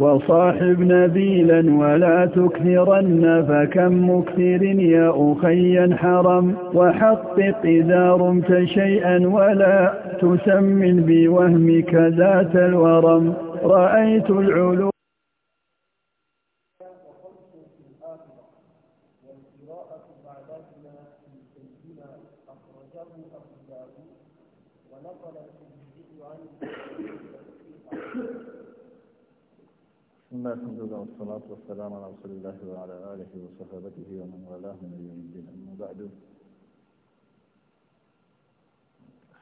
وصاحب نبيلا ولا تكثرن فكم مكثر يا أخي حرم وحقق إذا رمت شيئا ولا تسمن بوهمك ذات الورم رأيت العلوم Thank you. بسم الله الحمد لله والصلاة والسلام على رسول الله وعلى آله وصحابته ومن والاه من يوم الدين أما بعد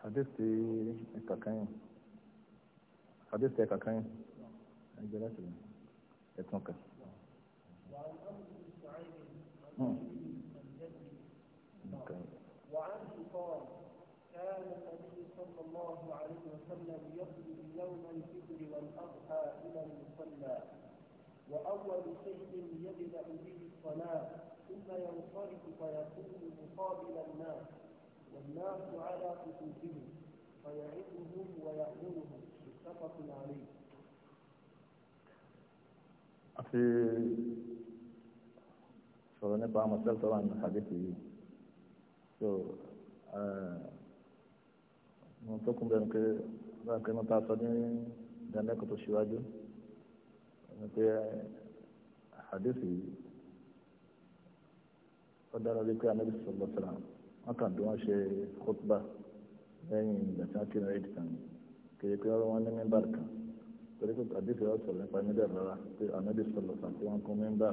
حديثي كاكاين حديثي كاكاين أجلات يتنقل وعن أمر بن سعيد وعن قال كان النبي صلى الله عليه وسلم يخرج يوم الفجر والأضحى إلى المصلى وأول شيء يبدأ به الصلاة ثم ينصرف فيكون مقابل الناس والناس على كتبهم فيعظهم ويأمرهم متفق عليه في sọ̀rọ̀ nípa mọ̀sẹ́lẹ̀ tó wà nínú hadithi yìí so mo tó kún bẹ́ẹ̀ ni pé báyìí pé mo ta sọ ní ìdánilẹ́kọ̀ọ́ tó ṣíwájú pé àdéhùn yìí ó dára wípé anábì sọlọ sọlá wọn kàn bí wọn ṣe khutba lẹ́yìn ìgbà tí wọn kí ní ẹdì kan kiri pé wọn ní mímbà kan torí pé àdéhùn yìí wọn sọ̀rọ̀ nípa mímbà rárá pé anábì sọlọ sọlá tí wọn kún mímbà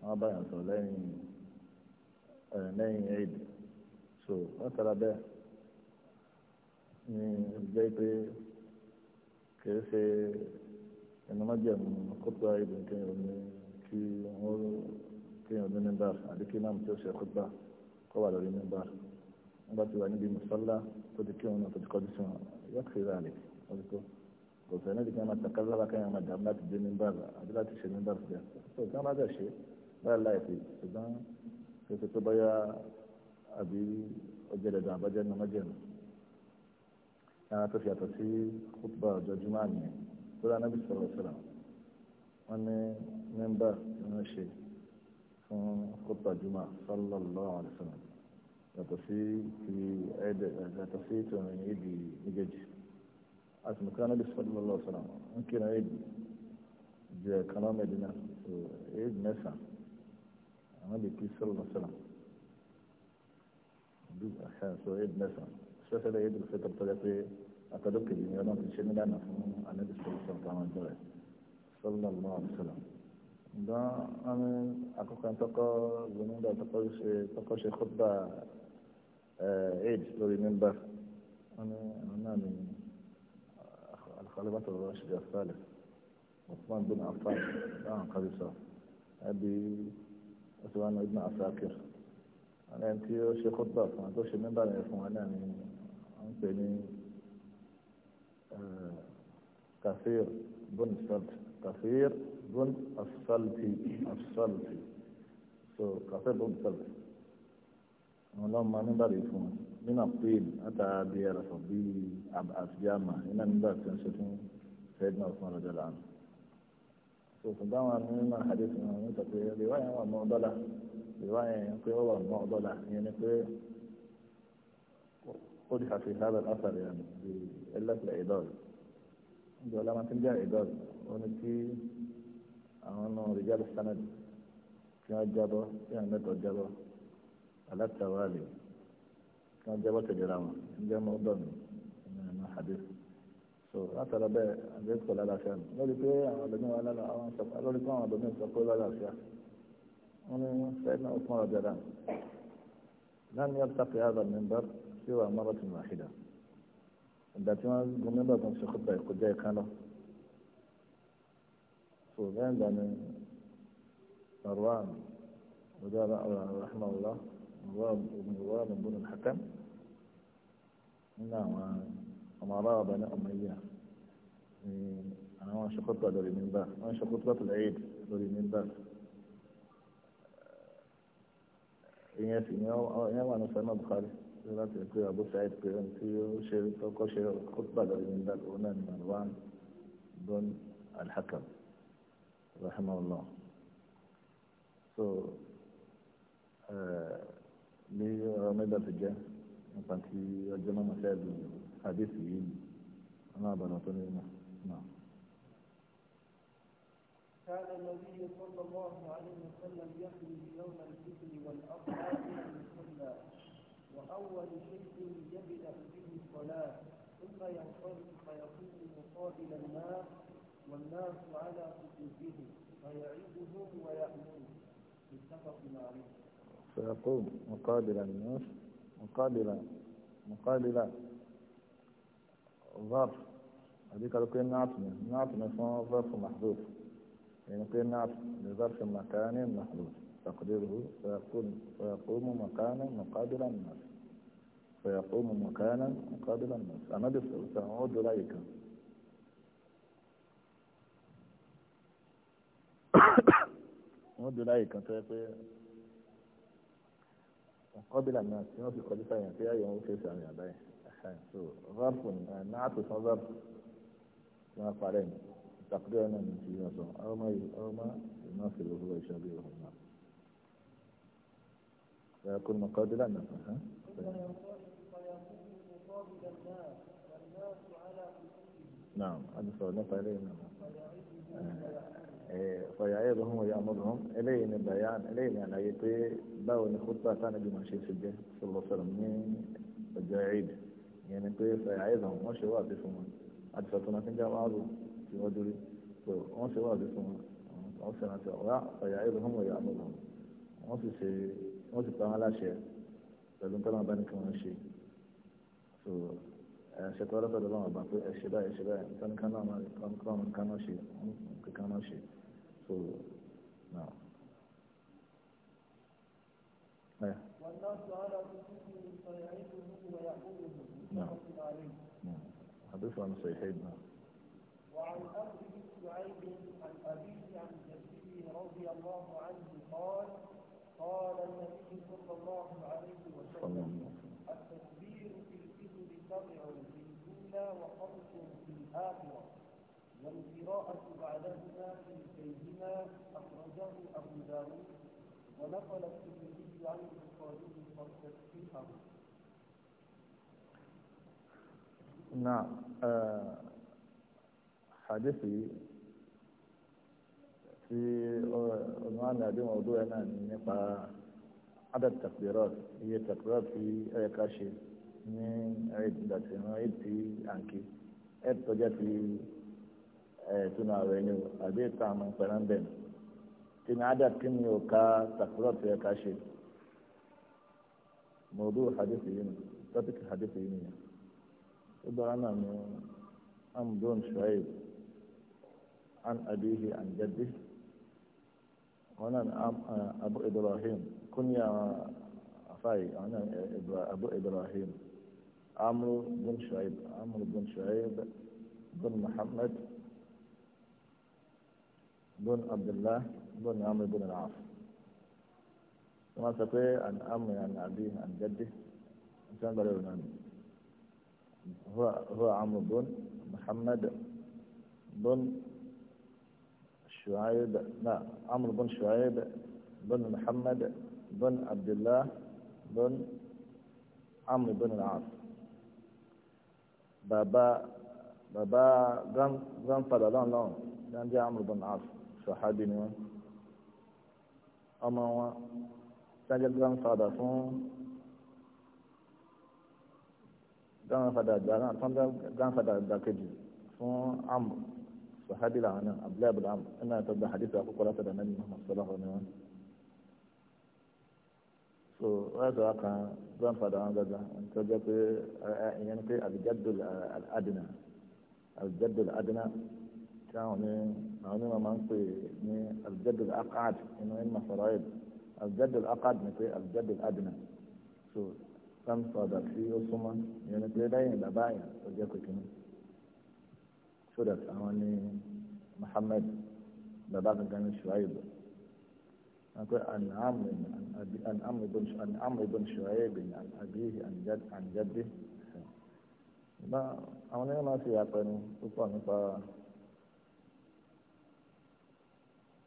wọn bá yàn sọ lẹ́yìn lẹ́yìn ẹdì so wọn sọ̀rọ̀ bẹ́ẹ̀ ní ìgbẹ́ pé kìí ṣe ẹnu má jẹ́ mu kótó ibùn kéèyàn ní kí wọ́n kéèyàn ní níbà àbí kí náà tó ṣe kótó kó wà lórí níbà nígbà tí wà níbi mùsọ́lá tó di kí wọn náà tó ti kọjú sí wọn yóò kí rà lè wọ́n tó kò sọ ẹni tí kí wọn máa tàkà lára kéèyàn máa dàmú láti dé níbà àbí láti ṣe níbà fún yà tó kí wọn bá dẹ̀ ṣe báyà láìpẹ́ ṣùgbọ́n kí tó báyà àbí ọjọ́ ìdàgbà àbájá ní ọmọ jẹ́ mi. Àwọn àtọ́fíà sí kútùbà lórí anábì sọ̀rọ̀ sílẹ̀ wọ́n ní mẹ́mbà tí wọ́n ṣe fún kópa jùmọ̀ sallallahu alaihi wasallam yàtọ̀ sí ti ẹ̀ẹ́dẹ̀ yàtọ̀ sí ti ọ̀rìn ìdí méjèèjì àti mọ̀kí anábì sallallahu alaihi wasallam ń kí náà ìdí ju ẹ̀kan lọ́mọ ìdínà tó ìdí mẹ́sàn-án anábì kí sallallahu alaihi wasallam bí ẹ̀kan sọ ìdí tó yẹ pé àtọ́dọ́kè yìí ni ọlọ́run ti ṣe nílànà fún anábì sọ́lọ́sọ́ àwọn ọjọ́ rẹ̀ sọ́lọ́ lọ́wọ́ àbúsọ̀lọ́ ǹdán àmì àkọ́kọ́ tọ́kọ́ gbẹ̀múdà tọ́kọ́ ṣe tọ́kọ́ ṣe kọ́gbà aid lórí mímbà wọn ni àwọn náà ni àkọlẹ́bàtọ̀ rọ̀ ṣe jà sálẹ̀ Uthman bin Affan báwọn kárí sọ ẹbí Uthman bin Asakir àwọn ẹni tí ó ṣe kọ́gbà fún wọn tó ṣe mímbà كثير بن سلت كثير بن السلتي السلتي so كثير بن سلت ولم ما نقدر يفهم من الطين أتى بيرة بي أبعث جامع هنا نقدر تنسفون سيدنا عثمان رضي الله عنه so ṣùgbọ́n àwọn nínú àdéhùn àwọn ìtàkùn ìwáyà wà mọ́ ọ́dọ́là ìwáyà yẹn pé ó wà mọ́ ọ́dọ́là ìyẹn ni pé قدح في هذا الأثر يعني في بإلة الإدارة يقول لما تنجع إدارة ونكي أنه رجال السند كان الجابة كان مدع الجابة على التوالي كان الجابة كجرامة كان مؤدن من حديث سو أتى لبا أجد كل هذا الشيء نقول لك إيه أنا بنو أنا لا أنا سب أنا لك أنا بنو سب كل هذا الشيء أنا سيدنا أسمع الجرام لن يلتقي هذا المنبر سوى مرة واحدة ìgbà tí wọ́n gun mẹ́bà tó ń ṣe kópa ẹ̀kọ́ jẹ́ ẹ̀ka lọ. tó lẹ́yìn ìgbà ni marwan ọjọ́ rahmanullah marwan marwan ibn al-hakam nínú àwọn ọmọ aráàlú bani umayya ni àwọn ṣokótó lórí mímbà wọ́n ṣokótó láti lẹ́yìn lórí mímbà. ìyẹn sì ni ìyẹn wà ní sọ́nà bukhari. láti rí pé Abu Sa'id pé ohun tí ó ṣe kọ́kọ́ ṣe kópa lórí nígbà tó náà ní Marwan bin al-Hakam rahimahullah so ní ọ̀rọ̀ mẹ́ta ti jẹ́ nípa tí ọjọ́ náà máa ṣẹ́ẹ̀dù àdéhùn yìí ni ọlọ́ọ̀bọ̀nà tó ní náà. كان النبي صلى الله عليه وسلم يخرج يوم الفتن والأضحى إلى المصلى وأول شيء يبدأ به الصلاة ثم ينصرف فيقوم مقابل الناس والناس على سجوده فيعيدهم ويأمرهم متفق عليه فيقوم مقابل الناس مقابل مقابل ظرف هذيك لو كان نعتمة نعتمة اسمها ظرف محذوف يعني كان نعتمة لظرف مكان محذوف تقديره فيكون فيقوم مكانا مقابل الناس فيقوم مكانا مقابل الناس أنا سأعود إليك أعود إليك مقابل الناس ما في خليفة يعني أي يوم في سامي عليه يعني؟ ظرف نعت ظرف ما قالين تقديرنا من سياسة أو ما أو ما يماثل وهو يشابهه ويكون مقابلا نفسه نعم هذا سؤالنا إليه فيعيبهم ويأمرهم إلينا بيان إلينا أن يطيع باون خطة ثانية بما شيء سجه صلى الله عليه وسلم ọjọ́ eid ìyẹn ni pé fẹ̀yàyẹ́sì àwọn wọ́n ṣe wà sí fún wọn àti sọ̀tún náà ti ń jẹ́ wàhálù tí wọ́n dúró so wọ́n ṣe wà sí fún wọn wọ́n ṣe rántí ọ̀rá fẹ̀yàyẹ́sì àwọn ọ̀yà àbọ̀lọ̀ wọ́n sì ṣe wọ́n sì pa wọn láṣẹ pẹ̀lú tọ́lá bá ní kí wọ́n ṣe so ẹ̀ṣẹ̀ tó ọlọ́pàá tó lọ́wọ́ bá pé ẹ̀ṣẹ̀ báyìí ẹ̀ṣẹ̀ báyìí nítorí káná wọn káná ṣe wọn káná ṣe so now. والناس على رؤوسهم فيعيدهم ويأخذهم متفق عن صحيحين نعم. وعن أبي سعيد عن أبيه عن جده رضي الله عنه قال قال النبي صلى الله عليه وسلم التكبير في الكبر سبع في الاولى وخمس في الاخره والقراءه بعدهما في كيهما اخرجه ابو داود ونقل الترمذي عن البخاري فتصحيحه نعم آه، حديثي tí ọ̀nà àmì àdéhùn ọdún ẹ̀ náà ní nípa adad takbirat iye takbirat tí ẹ̀yẹ ká ṣe ní ti ẹ̀ẹ́dùnú ààrẹ ni o àbí ìta àwọn tí ní adad kí ni ò ká takbirat tí ẹ̀yẹ ká ṣe mọ̀ọ́dún hadithi yìí ni tọ́pìkì أنا ابو ابراهيم كنيا أخاي انا ابو ابراهيم عمرو بن شعيب عمرو بن شعيب بن محمد بن عبد الله بن عمرو بن العاص وما تقول عن عمرو يعني عن ابيه عن جده كان بلغنا هو هو عمرو بن محمد بن شعيب لا عمرو بن شعيب بن محمد بن عبد الله بن عمرو بن العاص بابا بابا جان جان فلا لا جان دي عمرو بن العاص صحابي نيوان أما هو جان جا جان فون جان فلا جان فلا جان فلا جان فون عمرو sahabi la ana abdullahi bin amr ina tabda hadisi a kwakwalata da nabi muhammad sallallahu alaihi wasallam so wọ́n sọ kan grandfather wọn gbàgbà tó jẹ́ pé ìyẹn ni pé aljadul adina aljadul adina tí àwọn ní àwọn onímọ̀ máa ń pè ní aljadul akad inú ẹni máa sọ̀rọ̀ ẹ̀ aljadul akad ni pé aljadul adina so grandfather tí ó súnmọ́ ìyẹn ni pé lẹ́yìn bàbá yẹn tó jẹ́ pé kìnnìkan. شورا اواني محمد بابا كان شعيب اقول ان عمرو ان ابي ان عمرو بن ان عمرو بن شعيب ان ابيه ان جد ان جده ما اواني ما في اقن اوبن با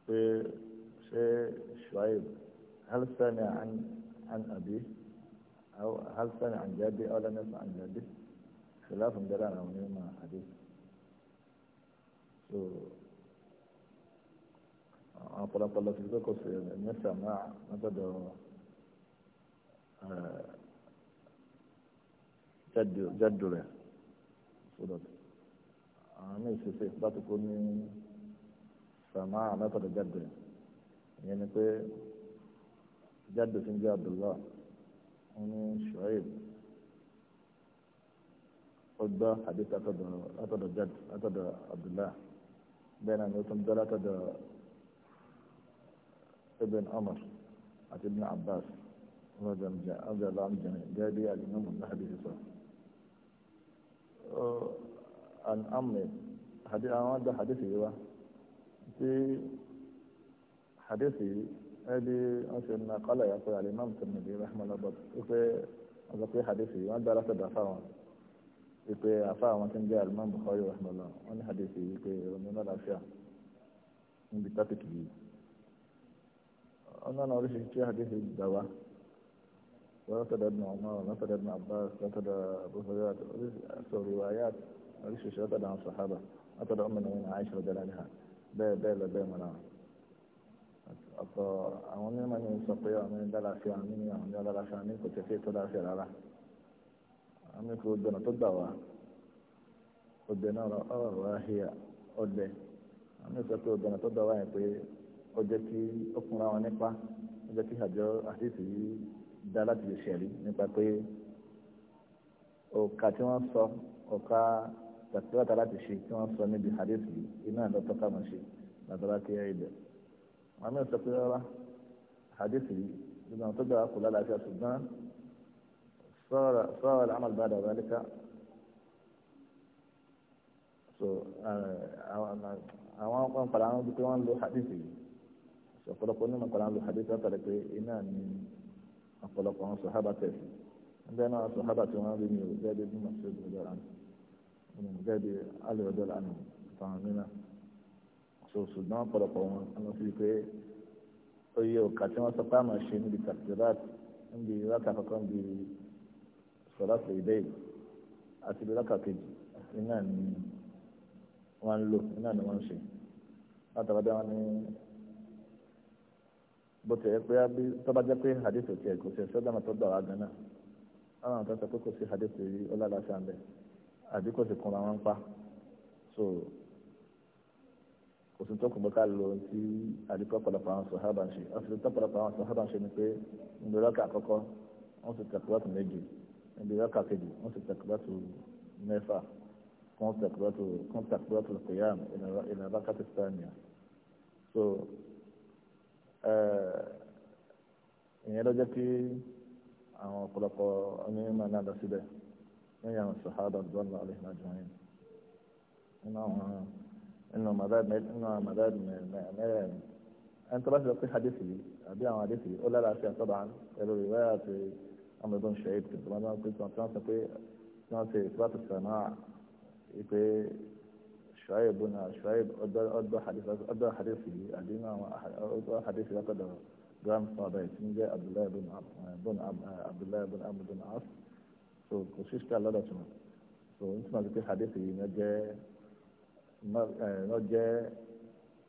سي شعيب هل سمع عن عن ابيه او هل سمع عن جدي او لم يسمع عن جدي خلاف دلاله من يوم حديث so àwọn ọ̀pọ̀lọpọ̀ lọ sí kókò sí mẹ́sàn-án náà látọ̀dọ̀ jáde rẹ̀ sọ̀rọ̀ àwọn míì ṣẹṣẹ láti kó ní sàmáà látọ̀dọ̀ jáde rẹ̀ ìyẹn ni pé jáde sí jẹ́ Abdullah wọn ní Shu'aib ó gbọ́ àdéhùn jáde látọ̀dọ̀ Abdullah. بين أن ثلاثة ده ابن عمر عت ابن عباس رضي الله عنه جميع جاء بي الإمام الذهبي في صحيح أن آه، أمي حديث أنا آه، ده حديثي هو أيوة. في حديثي أبي أنسى قال يا أخي الإمام الترمذي رحمه الله وفي حديثي وأنا درست دفعه wípé afá àwọn tí ń jẹ́ alimam bukhari rahmanullah wọ́n ní hadith yìí wípé ìrònú lálàáfíà níbi tápìkì yìí wọ́n náà oríṣiríṣi hadith yìí gbà wá ورتد ابن عمر ورتد ابن عباس رتد ابو هريره روايات ريش رتد عن الصحابه رتد ام المؤمنين عائشه رضي الله عنها بي بي بي منا أطا أمني من يستطيع من دلع في عمين يا من دلع في عمين كنت في تدع في العلاقة àmì kò gbọ̀nà tó gbà wá ọdẹ náà ọ̀rọ̀ wá híà ọdẹ àmì sọ pé ọgbọ̀nà tó gbà wá yẹn pé ọjọ́ kí ọkùnrin àwọn nípa ọjọ́ kí àjọ àtìsí yìí dá láti lè ṣẹ̀rí nípa pé òkà tí wọ́n sọ òkà tàkìlátà láti ṣe tí wọ́n sọ níbi hadith yìí iná ìlọ́tọ́ ká máa ṣe làbára kí ẹ ibẹ̀. àmì sọ pé rárá hadith yìí ọgbọ̀nà tó gbà wá kò lálàáfíà ṣùgbọ́n صار صار العمل بعد ذلك àwọn kan padà wọn bí pé wọn lo hadithi ọ̀pọ̀lọpọ̀ onímọ̀ padà wọn lo hadithi látàrí pé iná ni ọ̀pọ̀lọpọ̀ àwọn sọ̀hábà tẹ̀sí nígbà náà sọ̀hábà tí wọ́n rí mi ò gẹ́gẹ́ bí masud ọjọ́ rán mi gẹ́gẹ́ bí alẹ́ ọjọ́ rán mi fáwọn mìíràn so ṣùgbọ́n ọ̀pọ̀lọpọ̀ wọn wọn fi pé oyè òkà tí wọ́n sọ pé àmọ̀ ṣe níbi tàkìrát níbi rákà kọ́kọ́ níbi sọ̀láṣì ìbéèrè àti ìlọ́kà kejì iná ni wọ́n ń lò iná ni wọ́n ń ṣe látàbí wọn ní bó ti yẹ pé bí tọ́ba jẹ́ pé hadith ti kò ṣe sọ́dọ̀ náà tó dọ̀ àwọn tó sí hadith rí àbí kò kún so kò sí tó kùn bọ́ká sí àdìpọ̀ pọ̀lọpọ̀ àwọn ń ṣe àti pọ̀lọpọ̀ àwọn ń ṣe ni pé ń àkọ́kọ́ wọ́n sì níbi rákà kejì wọ́n sì tẹ̀kúrọ́tù mẹ́fà wọ́n tẹ̀kúrọ́tù wọ́n tẹ̀kúrọ́tù kìyàm ìlà rákà ti sáàmìà so ìyẹn ló jẹ́ kí àwọn ọ̀pọ̀lọpọ̀ onímọ̀ náà lọ síbẹ̀ lẹ́yìn àwọn sàhábà dọ́là aláìhìn àjọyìn nínú àwọn nínú màdáàbì mẹ́rẹ̀ẹ̀rin ẹni tó bá ti lọ pé hadith yìí àbí àwọn hadith yìí ó lára àti àtọ́bà pẹ̀lú ìwé àti àmì ìbọn ṣẹ̀yìn tó máa ń pè tí wọ́n sọ pé tí wọ́n ṣe ìfúrátù sàmà ìpè ṣùáyè bùnà ṣùáyè ọdọ hadith yìí àdínà ọdọ hadith yìí látọ̀dọ̀ grandfather tí ń jẹ́ abdullahi bùn abdullahi bùn amr bùn as so kò sí ṣíkà lọ́dọ̀ tí so n túmọ̀ sí pé hadith yìí náà jẹ́ náà jẹ́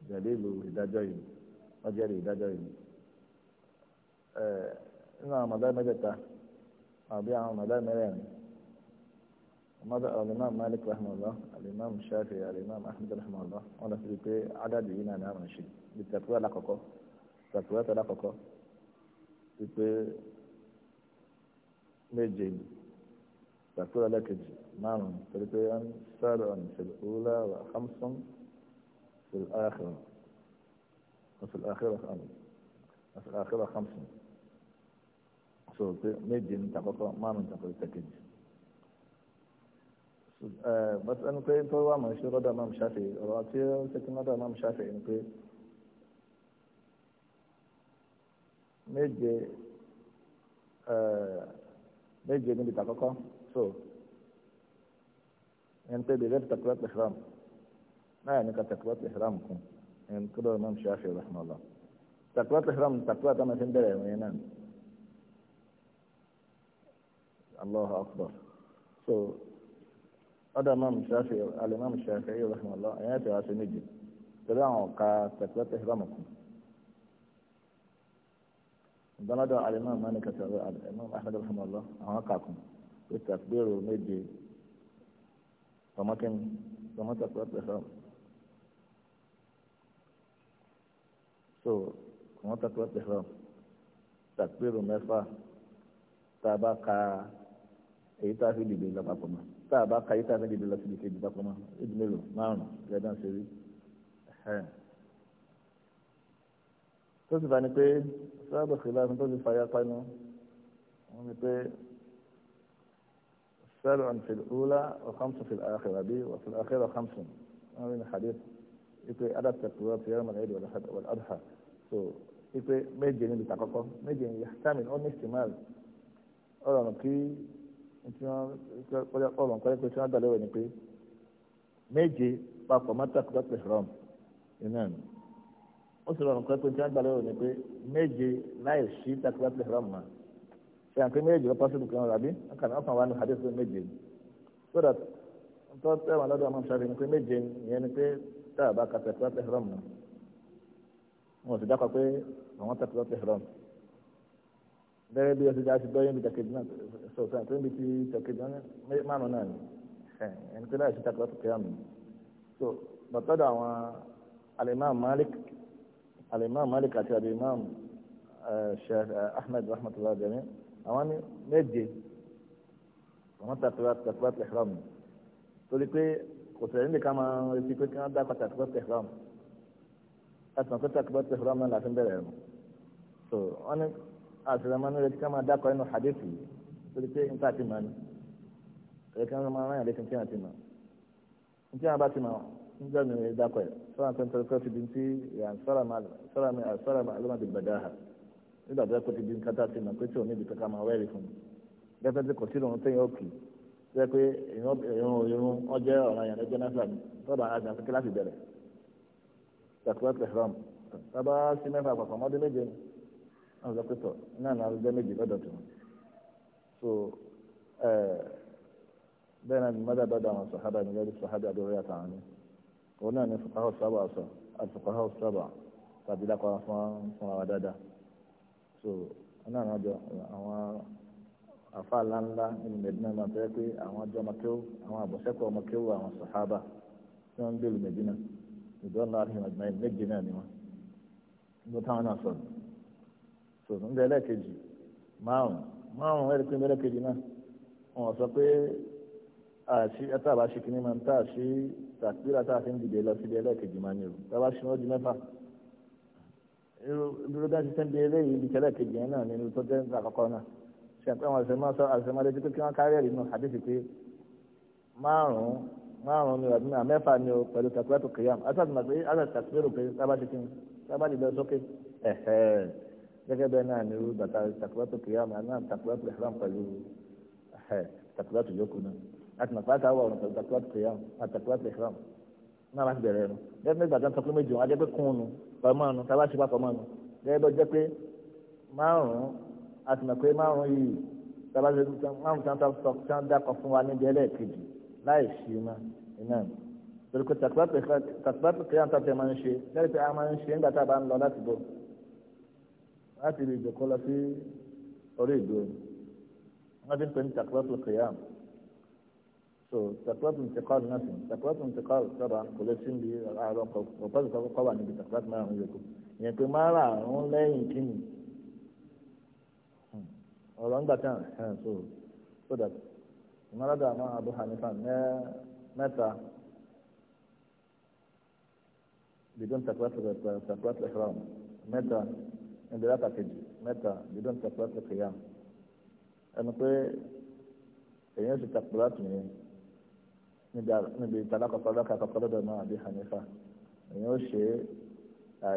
jẹ̀lẹ́lu ìdájọ́ yìí náà jẹ́rìí ìdájọ́ yìí nínú àwọn ọmọdé mẹ́tẹ̀ẹ̀ta. ربيعة ومدام مرام ومدى الإمام مالك رحمه الله الإمام الشافعي الإمام أحمد رحمه الله أنا في البيت عدد هنا نعم نشيد بالتطوية لقاكو التطوية لقاكو في البيت مجين التطوية لك نعم في البيت سبع في الأولى وخمس في الآخرة وفي الآخرة خمس وفي الآخرة خمس وفي الآخرة خمس so pé méje ní takọ́kọ́ márùn-ún takọ́kọ́ tẹ̀kejì bàtà ni pé tó wà máa ń ṣe rọ́dà máa ń ṣàfihì ọ̀rọ̀ àti ṣèkínádà máa ń ṣàfihì ni pé méje méje níbi takọ́kọ́ so ẹni tẹ́ bẹ̀rẹ̀ takọ́kọ́ ihram náà ní ká takọ́kọ́ ihram kún ẹni tó dọ̀rọ̀ máa ń ṣàfihì rahmalah takọ́kọ́ ihram takọ́kọ́ àtàwọn ẹni tẹ́ bẹ̀rẹ̀ ẹ̀wọ̀n yẹn náà. Allahu akbar so ọ̀dọ̀ imam shafi alimam shafi ayi rahmanulah ẹ̀yẹ́ ti wá sí méjì torí àwọn ọ̀ka tẹ̀kúlẹ́tẹ̀ ìbámu kù ìdánlọ́dọ̀ alimam mani kẹsàrọ̀ alimam ahmed rahmanulah àwọn ọ̀ka kù ó tẹ̀kúlẹ́rù méje tọmọkẹ́ni tọmọ tẹ̀kúlẹ́tẹ̀ ìbámu so tọmọ tẹ̀kúlẹ́tẹ̀ ìbámu tẹ̀kúlẹ́rù mẹ́fà tá èyí tá a fi dìde lọ papọ̀ mọ́ tá a bá ka èyí tá a fi dìde lọ síbi kejì papọ̀ mọ́ ibi mélòó márùn gẹ́gẹ́ dáhùn ṣe rí tó sì bá ní pé sábà kìlá fún tó ti fàyà pánú wọn ni pé سبع في الأولى وخمس في الآخرة بي وفي الآخرة خمس هذا الحديث يقول أدب تقوى في يوم العيد والأضحى so يقول ميجين بتقوى ميجين يحتمل أو احتمال أو كي tí wọ́n ọ̀rọ̀ nǹkan pé tí wọ́n gbàlẹ́ wẹ̀ ni pé méje papọ̀ mọ́tàkùn dọ́pẹ̀ rọ̀m iná ni ó sì rọrùn pé tí wọ́n gbàlẹ́ wẹ̀ ni pé méje láì sí takùn dọ́pẹ̀ rọ̀m mọ́ ṣe àǹkí méje lọ́pọ̀ sí ìdùkú ọ̀rọ̀ àbí ọkàn ọkàn wa ni hadith méje so that tó tẹ̀wọ̀n lọ́dọ̀ ọmọ ṣáfi ni pé méje yẹn ni pé tá a bá ka takùn dọ́pẹ̀ rọ̀m mọ́ wọn ò sì dákọ̀ pé àwọn takùn dọ́pẹ̀ rọ̀m mọ́ gẹ́gẹ́ bí ọ̀sẹ̀ jáde gbọ́yìn bíi jàkejì náà sọ̀tún àti níbi tí jàkejì náà márùn náà ni ẹni pé láì ṣe takọ̀ láti kíá mi so bàtọ́dọ̀ àwọn alimami malik alimami malik àti alimami sheikh ahmed rahmatullahi jami àwọn ní méje àwọn takura takura tehram torí pé kò sẹ̀rẹ̀ níbi ká máa retí pé kí wọ́n dá pàtàkì takura tehram ẹ̀sán pé takura tehram náà láti bẹ̀rẹ̀ rẹ̀ so wọ́n àtìlámánú rẹ ká máa dákọ̀ ẹnu hadithi torí pé nǹkan àti màá ni rẹ ká máa ráyàn létí nǹkan àti màá nǹkan àbá ti màá nígbà mi rẹ dákọ̀ ẹ sọ́ra nǹkan tó kọ́ fi di ti sọ́ra mi sọ́ra mi alóma gbàdá ha nígbà tó kọ́ ti di nǹkan àti màá pé tí òun níbi kankan máa wẹ́rì fún mi gẹ́gẹ́ bí kò sí lóun tẹ́yìn òkè jẹ́ pé ìrún ìrún ọjọ́ ọ̀ràn àwọn naanị pé tọ náà náà ọjọ́ méjì lọ́dọ̀ so bẹ́ẹ̀ náà mọdà dọdọ àwọn sọhábà ní lórí sọhábà lórí àtàwọn O òun náà saba fukahọ sábà sọ àtùkọhọ sábà tàbí lápá fún fún wa dáadáa so na àwọn àjọ àwọn afa ńláńlá nínú Medina na tẹ́ pé àwọn àjọ awa àwọn àbọ̀sẹ́kọ̀ọ́ ọmọkéwò àwọn sàhábà tí wọ́n ń na so ń bẹ ẹlẹ́ẹ̀kejì márùn márùn ẹ̀rí pé ń bẹ ẹlẹ́ẹ̀kejì náà wọn sọ pé àṣì ẹtàbà ṣe kìnnìmọ tá a ṣe tàkìlá tá a fi ń dìde lọ síbi ẹlẹ́ẹ̀kejì máa ní o tábà ṣe wọn ju mẹ́fà irú dájú tẹ́ ń bí eléyìí ibi tẹ́lẹ̀ yẹn náà nínú tó jẹ́ àkọ́kọ́ náà ṣe pé àwọn àṣẹ máa sọ àṣẹ máa lójú kí wọ́n kárí nù àdéhùn pé márùn-ún márùn-ún ni ọ̀dún náà mẹ́fà ni o pẹ̀lú tàkìlá tó kéyàm àtàtì màgbé àtàtì tàkìlá tó kéyàm tábà ṣe kí ni tábà dìde sókè ẹ̀hẹ́ẹ̀ gẹ́gẹ́ bẹ́ẹ̀ náà ni bàtà takilátò kìyàmù àná takilátò ìhram pẹ̀lú takilátò yòókù náà àti nàfà tá a wà ọ̀run pẹ̀lú takilátò kìyàmù àti takilátò ìhram náà láti bẹ̀rẹ̀ nu gẹ́gẹ́ bẹ́ẹ̀ bàtà takilátò méjì wọn adẹ́gbẹ́ kún nu pàmò nu tàbá ṣe papọ̀ mọ́ nu gẹ́gẹ́ bẹ́ẹ̀ jẹ́ pé márùn-ún àti nàpé márùn-ún yìí tàbá ṣe márùn-ún tán dákọ̀ fún wa níbi ẹlẹ́ẹ̀kejì láì láti lè jòkó lọ sí orí ìdó ti so takuratu ntikal nafin takuratu ntikal sábà kò lè síbi àárọ̀ kọpọsí kọwà níbi takuratu mara pé níbi látàkejì mẹ́ta bidon takura ti kìyà ẹnu pé èyàn ti takura tù yẹn níbi ìtàlá kọ̀kọ́ lọ́kà kọ̀kọ́ lọ́dọ̀ náà àbí hanifa èyàn ó ṣe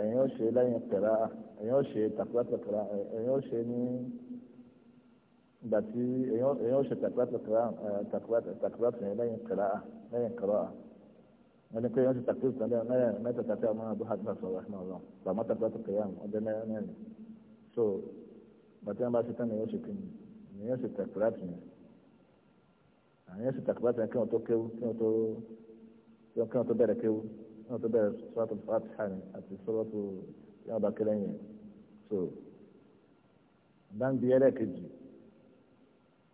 èyàn ó ṣe lẹ́yìn kẹ̀rá èyàn ó ṣe takura ti kìyà èyàn ó ṣe ní ìgbà tí èyàn ó ṣe takura ti kìyà takura ti yẹn lẹ́yìn kẹ̀rá lẹ́yìn kẹ̀rá wọ́n ní pé wọ́n ti tàkìrì tán lẹ́yìn mẹ́rin mẹ́tẹ̀ẹ̀ta tí àwọn abu hadiza sọ̀rọ̀ ẹ̀hìn ọ̀rọ̀ bàmọ́ tàbí tó kẹ̀yà ọdẹ mẹ́rin mẹ́rin so bàtí wọn bá ṣe tán ni yóò ṣe kí ni yóò ṣe tàkìrì àti yẹn àwọn yóò ṣe tàkìrì àti yẹn kí wọn tó kéwu kí wọn tó kí wọn tó bẹ̀rẹ̀ kéwu kí wọn tó bẹ̀rẹ̀ sọ́wọ́tò fatiha ni àti sọ́wọ́tò kí wọn bá kéré yẹn so dáńbi ẹlẹ́ẹ̀kejì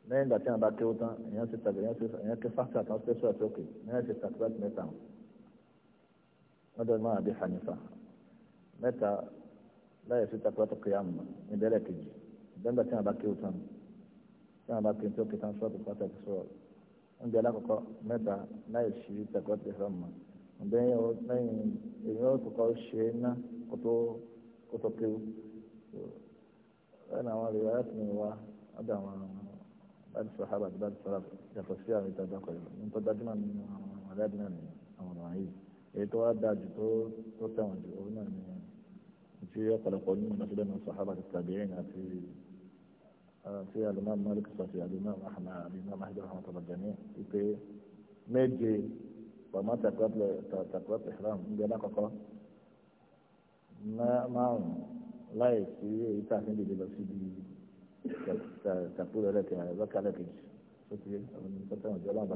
lẹ́yìn ìgbà tí wọn bá kéwu tán èèyàn ṣe tàkìrì èèyàn ṣe fásitì àtàwọn ṣẹ́ṣọ́ àti òkè èèyàn ṣe tàkìrì àti mẹ́ta lọ́dọ̀ ìmọ̀ àbí hanifa mẹ́ta láyé sí takọ́tà kìyàmù ìbẹ̀rẹ̀ kejì ìbẹ̀rẹ̀ tí wọn bá kéwù tán tí wọn bá kéwù tó kéwù tán sọ́ọ̀tù pàtàkì sọ́ọ̀ oúnjẹ alákọ̀ọ́kọ́ mẹ́ta láyé sí takọ́tà kìyàmù ìbẹ̀rẹ̀ lẹ́yìn èyí ó kọ́kọ́ ṣe é ná kótó kótó wa ọ̀dọ̀ àwọn láti sọ̀hábà àti láti èyí tó wá dáa jù tó tó tẹ̀wọ̀n jù òun náà ni tí ọ̀pọ̀lọpọ̀ onímọ̀ náà ti lẹ́nu sàhábà àti tàbíyìn àti tí alimam malik sọ̀tì alimam ahmed alimam ahmed ahmed ọ̀bàjẹ́ni wípé méje pàmò tàkùrọ̀tì ihram ń bẹ lákọ̀ọ́kọ́ márùn-ún láì sí èyí tá a fi ń dìde lọ síbi tàkùrọ̀ ẹlẹ́kẹ̀ẹ́ àyẹ̀wò kálẹ̀kẹ̀jì tó ti ọ̀nà ìfọ̀tẹ̀wọ̀n jọ láǹbà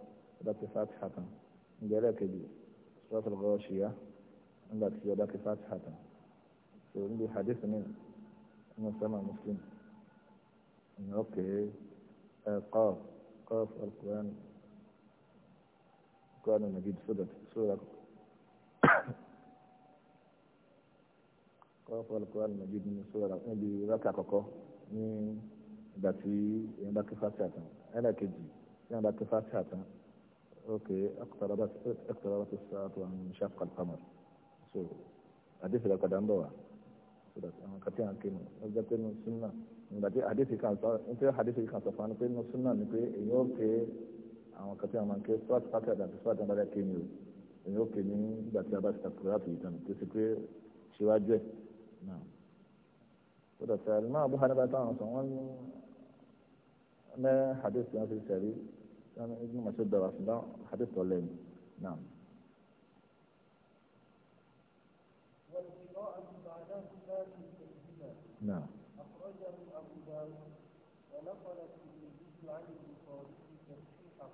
ذات فاتحة جلك دي سورة الغاشية ذات ذات فاتحة عندي حديث من من سمع مسلم اوكي آه، قاف قاف القرآن القرآن المجيد سورة سورة قاف القرآن المجيد من سورة بركة كوكو من ذات ذات فاتحة أنا كذي ذات فاتحة اوكي اقتربت اقتربت الساعة وانشق القمر سو حديث لو قد عنده àwọn kàtí àǹkì nù ọjọ́ pé nù súnà nígbà tí àdìsí kan sọ nítorí àdìsí kan sọ fún wa pé nù súnà ni pé èyí ó ké àwọn kàtí àwọn ké sọ́ọ̀tì pàtì àdàtì sọ́ọ̀tì àbálẹ̀ ké ni o èyí ó ké ní nígbà tí a bá ti tàkùrọ̀ láti yìí tán tó sì pé síwájú ẹ̀ náà. ó dàtí àlùmọ́ àbúhà nígbà táwọn sọ wọ́n ní mẹ́ àdìsí wọn fi sẹ̀rí كان ابن مسعود درس ده حديث ولا نعم والقراءة بعده لكن كلهما نعم أخرجه أبو داود ونقل الترمذي عن البخاري تصحيحه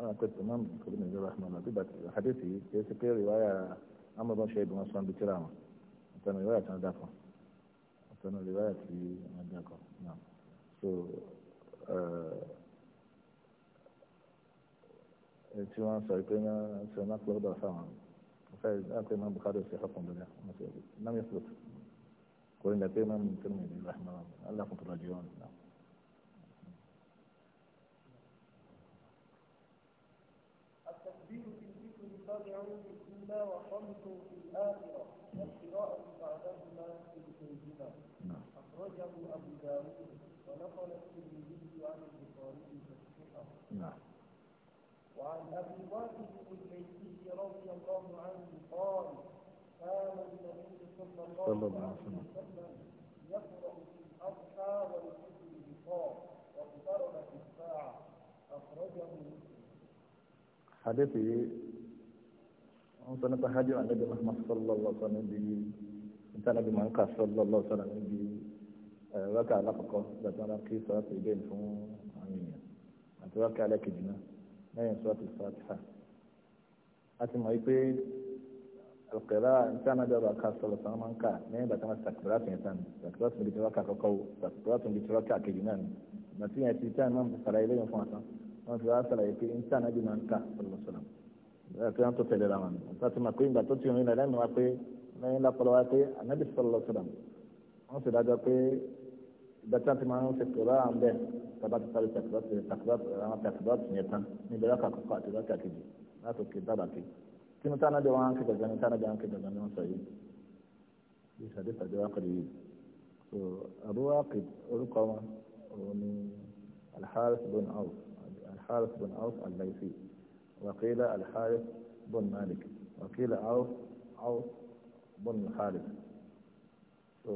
أنا كنت إمام كلمة جل رحمه الله تبقى حديثي كيف كي رواية أما بن شيء بن أصلا بكرامة كان رواية أنا دافع كان رواية أنا دافع نعم so uh, tí wọ́n sọ pé náà sọ náà pé lọ́dọ̀ fáwọn ọ̀fẹ́ àpè máa bukari sí ọkùn bẹ̀rẹ̀ náà mi fò kò ní dàpé máa mi tó mi ní rahman alákùn tó lọ jù wọn. وخمس في الآخرة والقراءة بعدهما في الكيهما أخرجه أبو داود ونقل الترمذي عن البخاري تصحيحه نعم وعن أبي وائل الليثي رضي الله عنه قال كان النبي صلى الله عليه وسلم يقرأ في الأضحى ويحب بقاء واقتربت الساعة أخرجه حديثي Sana tahajud anda di Muhammad sallallahu alaihi wasallam di sana di Mangka sallallahu alaihi wasallam di wákà alákọ̀ọ́kọ́ gbàtí wọn kí sọ́ọ́ pé bẹ́ẹ̀ fún àwọn èèyàn wákà alákejì náà lẹ́yìn sọ́ọ̀tì fatiha a ti mọ̀ wípé alukẹ́rà níta náà dábàá ká sọ̀rọ̀ sọ̀rọ̀ máa ń kà lẹ́yìn bàtà máa sàkúrà tó yẹn tán sàkúrà tó ń bi tí wọ́n kà kọ́kọ́ wò sàkúrà tó ń bi tí wọ́n kà kejì náà ni màtí yẹn ti táyà máa ń sara ilé yẹn fún wa tán wọ́n ti wá sara yìí pé níta máa ń kà sọ̀rọ̀ sọ̀rọ̀ àti wọn tó tẹ̀lé tó ti ìgbà tí wọ́n ti máa ń ṣe kúrò àwọn bẹ́ẹ̀ tàbá ti sáré tàkìdọ́tì yẹn tán níbi lọ́kà kọ́kọ́ àti lọ́kà kejì láti òkè dábàkì kí ni tánàbí wọn á ń ké gbàgbà ní tánàbí wọn ké gbàgbà ní wọn sọ yìí bí ìṣàdé tàbí wọn kọ́ni yìí so àbúwákì orúkọ wọn òun ni alḥaris bin auf alḥaris bin auf alayfi wàkìlá alḥaris bin malik wàkìlá auf auf bin khalid so.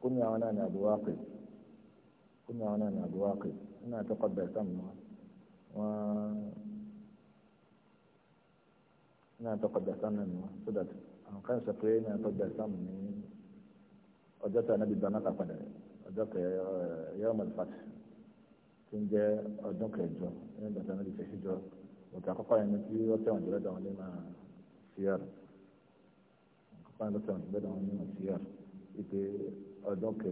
kunya wannan na duwaƙi kunya wannan na duwaƙi ina ta kwaddarta ma ina ta kwaddarta nan ma so that àwọn kan sọ pé ina ta kwaddarta mu ní ọjọ́ tí a nábi dáná kà padà ọjọ́ kẹ yọ ọmọ ìfàtì tí ń jẹ́ ọdún kẹjọ ní ọjọ́ tí a nábi ṣẹṣẹ ni kí ó tẹ̀wọ̀n jùlọ dáwọn lé máa ṣíyàrá àkọ́kọ́ yẹn ló tẹ̀wọ̀n jùlọ dáwọn lé máa ṣíyàrá ọdún kè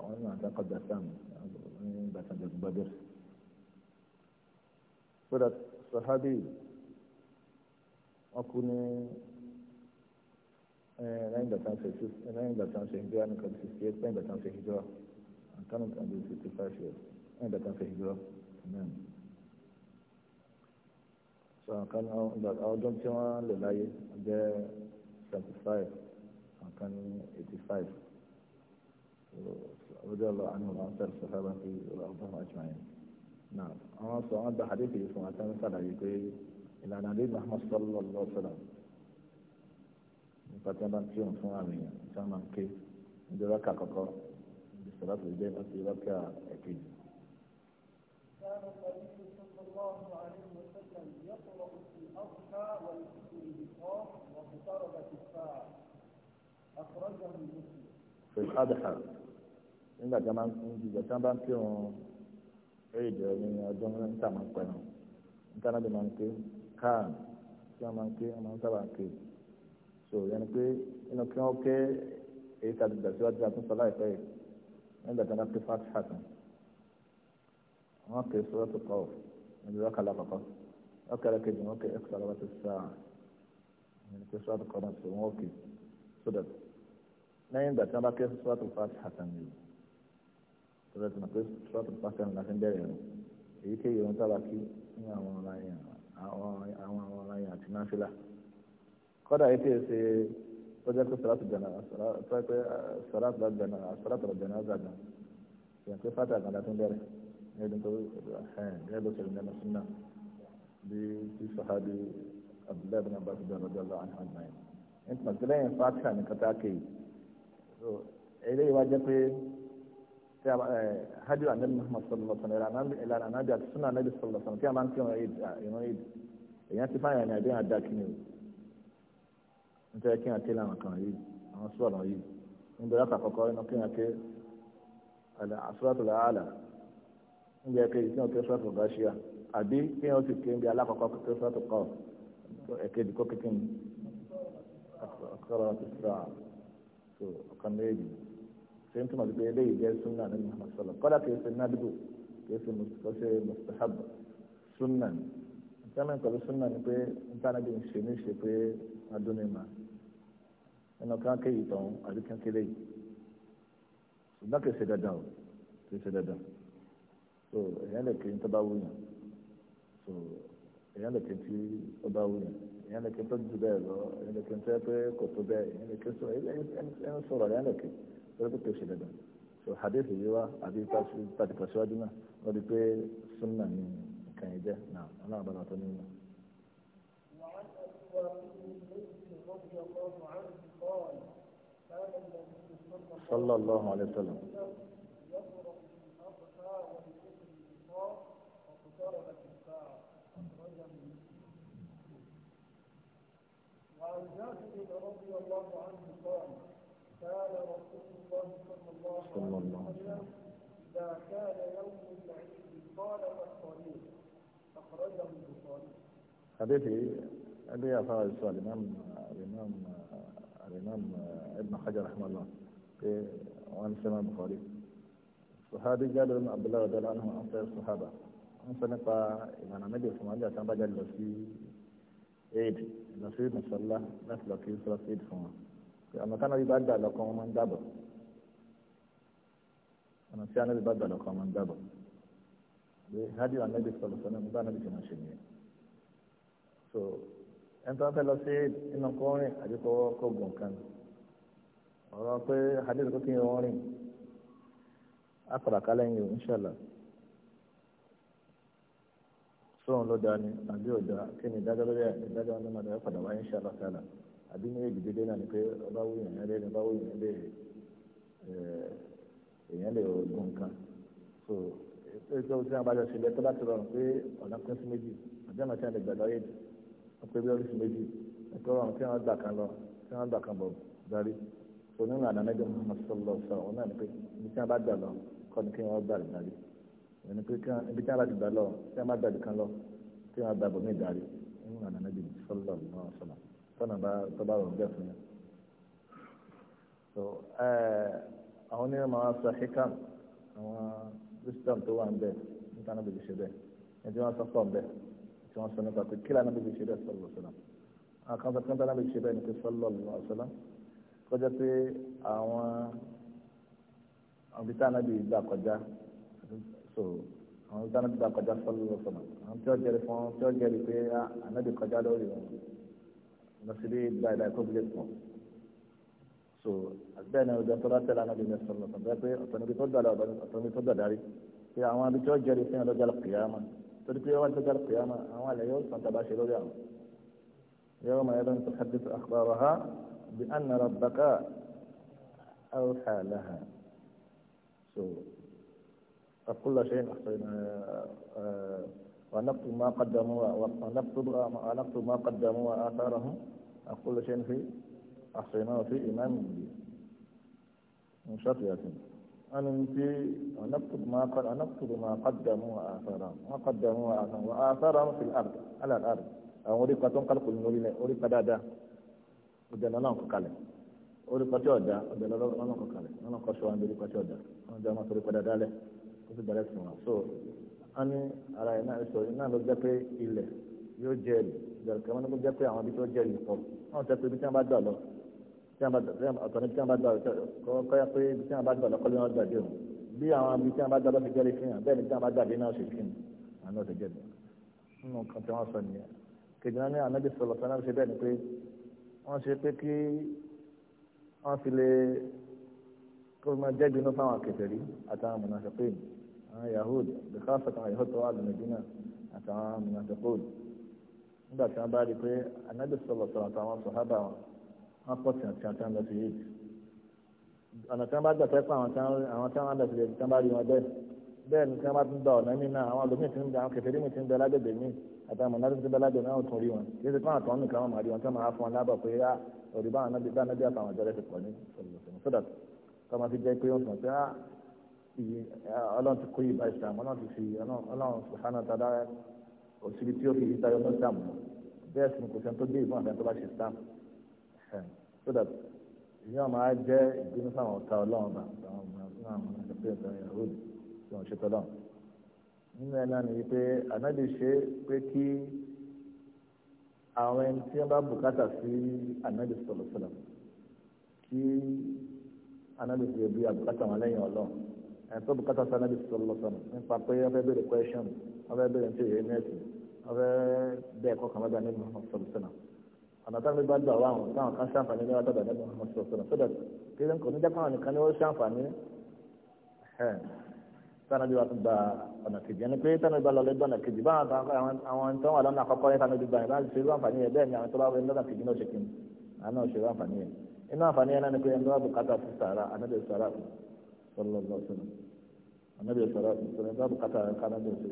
wọn náà tán kọjá sam ní bàtàjọ gbọdọ so that sahabi wọn kú ní lẹ́yìn ìgbà tán ṣe lẹ́yìn ìgbà tán ṣe hijira ní kan sixty eight lẹ́yìn ìgbà tán ṣe hijira and kánú kan bí sixty five years lẹ́yìn ìgbà tán ṣe hijira amen so kánú ọdún tí wọ́n lò láyé jẹ́ رضي الله عنهم وعن سائر الصحابة وأرضهم أجمعين نعم أنا سؤال ده حديث اللي سمعت أنا سأل يقول إن النبي محمد صلى الله عليه وسلم فتنة تيون سمعني سمع كيف دركا كوكا بصلاة الجيم في بركا أكيد كان النبي صلى الله عليه وسلم يقرأ في الأضحى والفطر بالقاح وبطردة الساعة أخرجه المسلم في الأضحى nígbà tí wọ́n bá ń dìgbà tí wọ́n bá ń pè wọn éèdè ní ọdún níta máa ń pẹ́ náà níta náà bí máa ń pè káà tí wọ́n máa ń pè wọ́n máa ń sábà pè so yẹn ni pé inú kí wọ́n ké èyí tàbí ìgbàsíwájú àtúnṣe láìpẹ́ yìí nígbà tí wọ́n bá pè fatiha tán wọ́n ké sọ́rọ́ tó kọ́ ọ̀ níbi wákàlà kọ̀kọ́ wákàlà kejì wọ́n ké ẹ̀kọ́ sára wá ti sáà ẹni pé sọ́rọ́ tó kọ́ náà sọ wọ́n ké sódà lẹ́yìn ìgbà tí wọ́n bá ké sọ́rọ́ tó fatiha tán yìí tọ́lá ti mọ̀ pé sọ́ọ̀tù pàṣẹ ńlá ti ń bẹ̀rẹ̀ rẹ̀ èyíkéyìí ohun tábà kí ní àwọn ọ̀ràn yẹn àwọn ọ̀ràn yẹn àti náfìlà kọ́dà yìí kìí ṣe ó jẹ́ pé sọ́ọ̀tù jẹ̀nà sọ́ọ̀tù jẹ̀nà sọ́ọ̀tù jẹ̀nà ọ̀gàgà yẹn pé fàtà àgàdà ti ń bẹ̀rẹ̀ gẹ́gẹ́ sọ̀rọ̀ nínú súnà bí tí sọ̀hábí abdullahi bin abbas bin rọ́jọ́ lọ́wọ́ àti àgbà yẹn nítorí lẹ́yìn fàtà nìkan tá a tí a eh, hajj anabi muhammad sallallahu alaihi na sallam ìlànà anabi àti sunna anabi sallallahu alaihi wa a máa ń kírun ah, ìran ìdí èyàn ti fáyà ní àdéhùn àdá kí o nítorí kí n àti ìlànà kan yìí àwọn sọ̀rọ̀ yìí níbi ọ̀rọ̀ àkọ́kọ́ iná kí n àti àsúrátù làálà níbi ṣe ń túmọ̀ sí pé eléyìí jẹ́ sunna ní muhammad sallam kọ́dà kìí ṣe nádìgbò kìí ṣe mustahab sunna ní ìtàmì pẹ̀lú sunna ní pé ntànàbí ń ṣe ní ṣe pé adúnìmá ẹnu kankan yìí tán àbí kankan lè yìí ṣùgbọ́n kìí ṣe dandan o kìí ṣe dandan so èèyàn lè kiri tó bá wù yàn so èèyàn lè kiri tí ó bá wù yàn èèyàn lè kiri tó ju bẹ́ẹ̀ lọ èèyàn lè kiri tó yẹ pé kò tó bẹ́ẹ̀ èèyàn lè kiri sọ̀rọ̀ èèyàn lè lórí pé ṣe dandan so hadith yìí wá àbí tàbí pàṣẹwájú náà wọ́n di pé súnà ní nǹkan yẹn jẹ́ náà ọlọ́run bá wọn tó nínú. صلى الله عليه وعن جابر رضي الله عنه قال كان رسول صلى الله عليه وسلم إذا كان يوم العيد قال والصليب أخرجه البخاري حديثي أبي أخرج السؤال الإمام الإمام الإمام ابن حجر رحمه الله في وعن سمع البخاري الصحابي جابر بن عبد الله رضي الله عنه عن الصحابة wọ́n sọ nípa ìmọ̀nà méjì fún wọn bí àtàwọn bá jáde lọ sí aid lọ sí mùsọ́lá فما lọ kí sọ́ọ́ sí aid fún ọ̀nà tí anábì bá gbàdọ̀ kan máa ń dábọ̀ pé hádì anábì sọ̀rọ̀ sọ́nà nígbà anábì ti máa ṣe nìyẹn so ẹni tó ń fẹ́ lọ sí inú kọrin àdìkọ́ kọ́ gùn kan ọ̀rọ̀ pé hádì rẹ̀ kó kí n wọ́n rìn á padà kálẹ̀ yìí inṣàlá sóun ló dáa ni àbí ọ̀dà kí ni ìdájọ́ lórí ìdájọ́ ọ̀nà màdà padà wáyé inṣàlá sálà àbí ní èjì dédé náà ni pé ọba wúyàn ẹ̀rẹ́ ni ọba wúyàn ẹ̀rẹ́ èèyàn lè gun nǹkan so ètò tí wọn bá jọ ṣẹlẹ̀ tó bá ti rọrùn pé ọ̀nà pín sí méjì àti ọ̀nà tí wọn lè gbà lọ́yẹ̀ jù wọn pé bí oríṣi méjì ètò ọ̀run tí wọn gbà kan lọ tí wọn gbà kan bọ̀ darí so nínú àná mẹ́jọ Muhammad sọlọ sọ ọ náà ni pé ibi tí wọn bá gbà lọ kọ́ ni kí wọn gbà darí ẹni pé ibi tí wọn bá ti gbà lọ tí wọn bá gbà kan lọ tí wọn gbà bọ̀ mí darí nínú àná mẹ́jọ sọlọ sọlọ tọ́nà bá tọ́ àwọn ní ma sọ hikam àwọn wisdom tó wà ń bẹ níta náà bèbè ṣe bẹ ẹni tí wọn sọ pọ ń bẹ tí wọn sọ nípa pé kílà náà bèbè ṣe sọlọ sọlọ àwọn kan sọ pé náà bèbè ṣe ní pé sọlọ sọlọ kọjá pé àwọn àbí táwọn bí gbà so àwọn táwọn bí gbà kọjá sọlọ sọlọ àwọn tí wọn jẹ́rìí fún wọn tí wọn jẹ́rìí pé ah, ànábì kọjá lórí wọn lọ sí bí gbà ìdá ẹ̀kọ́ so bẹ́ẹ̀ ni ọjọ́ tọ́lá tẹ̀lé anábì ní sọ̀rọ̀ sọ̀rọ̀ pé ọ̀tọ̀nibí tó dàlọ́ ọ̀tọ̀nibí tó dàdarí pé àwọn abí tí ó jẹ́rìí fún ọlọ́jà kìyàmà torí pé wọ́n ti jẹ́rìí kìyàmà àwọn àlẹ́ yóò sàn tàbá ṣe lórí àwọn. yóò máa yẹ́dọ̀ tó xadìsí àkùbárò ha bí a nara bàkà awùsà lẹ́hà. so àkùlọ̀ ṣe ونكتب ما قدموا ونكتب ما قدموا وآثارهم كل شيء في àṣẹ̀yìnà fi ìmáàmù yìí ń ṣàtúnyà sí ẹni tí ọ̀nàkùtù máa kàdàmú àṣàrà wọn kàdàmú àṣàrà wọn àṣàrà wọn fi alàlárì àwọn orí pàtó ń kálukú ní orílẹ̀ orí padàdà ọ̀dẹ̀nà náà kọ kalẹ̀ orí pàtó ọ̀dà ọ̀dẹ̀nà náà kọ kalẹ̀ náà kọ ṣọ́ àndé orí pàtó ọ̀dà wọn jẹ́ ọmọ torí padàdà lẹ̀ ó sì bẹ̀rẹ̀ sùn wọn. so wọn ní ara ẹ̀ náà sọ iná ló jẹ́ pé ilẹ̀ yóò jẹ́ ẹ̀lì ìjọba kẹ́mọ́ ní kó jẹ́ pé àwọn ibi tó jẹ́ ẹ̀lì pọ̀ náà jẹ́ pé ibi tí wọ́n bá gbà lọ tí wọn bá ọ̀tọ̀ ní tí wọn bá gba kọ́yà pé ibi tí wọn bá gba lọ́kọ́lé wọn gbàgbé o bí àwọn ibi tí wọn bá gba lọ́sẹ̀ jẹ́rìí fi hàn bẹ́ẹ̀ ni tí wọn bá gbàgbé náà ṣe fi hàn àná ọ̀sẹ̀ jẹ́rìí nínú kan tí wọ́n sọ nìyẹn kejì náà ní anábì sọ̀rọ̀ sọ́nà ṣe bẹ́ẹ̀ ni pé wọ́n ṣe pé kí wọ́n fi lè kó máa jẹ́ bínú fáwọn kèfèrí àtàwọn mùnàfẹ́kùn àwọn yahood bíkọ́ fẹ́tàn yahood tó wà lónìí dínà àtàwọn mùnàfẹ́kùn nígbà tí wọ́n bá rí pé anábì sọ̀rọ̀ wọ́n pọ̀ tìǹà tìǹà tán lọ sí yìí ọ̀nà tí wọ́n bá gbà fẹ́ fún àwọn tí wọ́n lọ sí yìí tí wọ́n bá rí wọn bẹ́ẹ̀ bẹ́ẹ̀ ni tí wọ́n bá tún gba ọ̀nà mìíràn àwọn ọ̀dọ́mìn ti ń bẹ àwọn kẹfẹ́ rímì ti ń bẹ lágbègbè míì àtàwọn ọ̀nà ti ń bẹ lágbègbè náà tún rí wọn kí ẹ ti fún àtọ́ nìkan wọn máa rí wọn tí wọ́n máa fún wọn lábọ̀ pé ọ̀rí ah, bá àwọn bá anábí fi jẹ́ pé wọ́n sọ pé ah, ọlọ́run ti kó ìbá ìsàm ọlọ́run ti fi ọlọ́run sùhánà tàdá òṣìlì tí ó so that ìyá ọmọ á jẹ́ ìbínú sáwọn ọ̀tá ọlọ́run bá àwọn ọmọ nínú àwọn ẹgbẹ́ ìgbà yahood tí wọ́n ṣe tọ́lọ́ nínú ẹ̀ náà nìyí pé ànábì ṣe pé kí àwọn ẹni tí wọ́n bá bùkátà sí ànábì sọ̀rọ̀ sọ̀rọ̀ kí ànábì ṣe bí àbùkátà wọn lẹ́yìn ọlọ́run ẹni tó bùkátà sí ànábì sọ̀rọ̀ sọ̀rọ̀ nípa pé wọ́n fẹ́ béèrè question wọ́n fẹ́ béèrè ní ti ìrẹ́ nẹ́ẹ̀sì wọ́n fẹ́ bẹ́ẹ̀ kọ́ kàn ọ̀nà táwọn bá gbà wá àwọn táwọn kan ṣàǹfààní ní wàtàdà nígbà wọn sọ sọ̀rọ̀ sódà kí ló ń kọ ní jápá àwọn nìkan ni wọ́n ṣàǹfààní táwọn bí wàá tún gba ọ̀nà kejì ẹni pé táwọn bá lọ lẹ́gbẹ́ ọ̀nà kejì báwọn àwọn tó wà lọ́nà àkọ́kọ́ yẹn táwọn bí gbà yẹn bá ń ṣe láǹfààní yẹn bẹ́ẹ̀ ni àwọn tó bá wọlé lọ́nà kejì náà ṣe kí ni àwọn náà ṣe láǹfààní yẹn inú àǹfààní yẹn náà ni pé ẹni tó wà bùkátà sí sàrà ànábì sàrà sọlọ́lọ́ sọlọ́ ànábì sàrà sọlọ́ ẹni tó wà bùkátà kánádì ṣe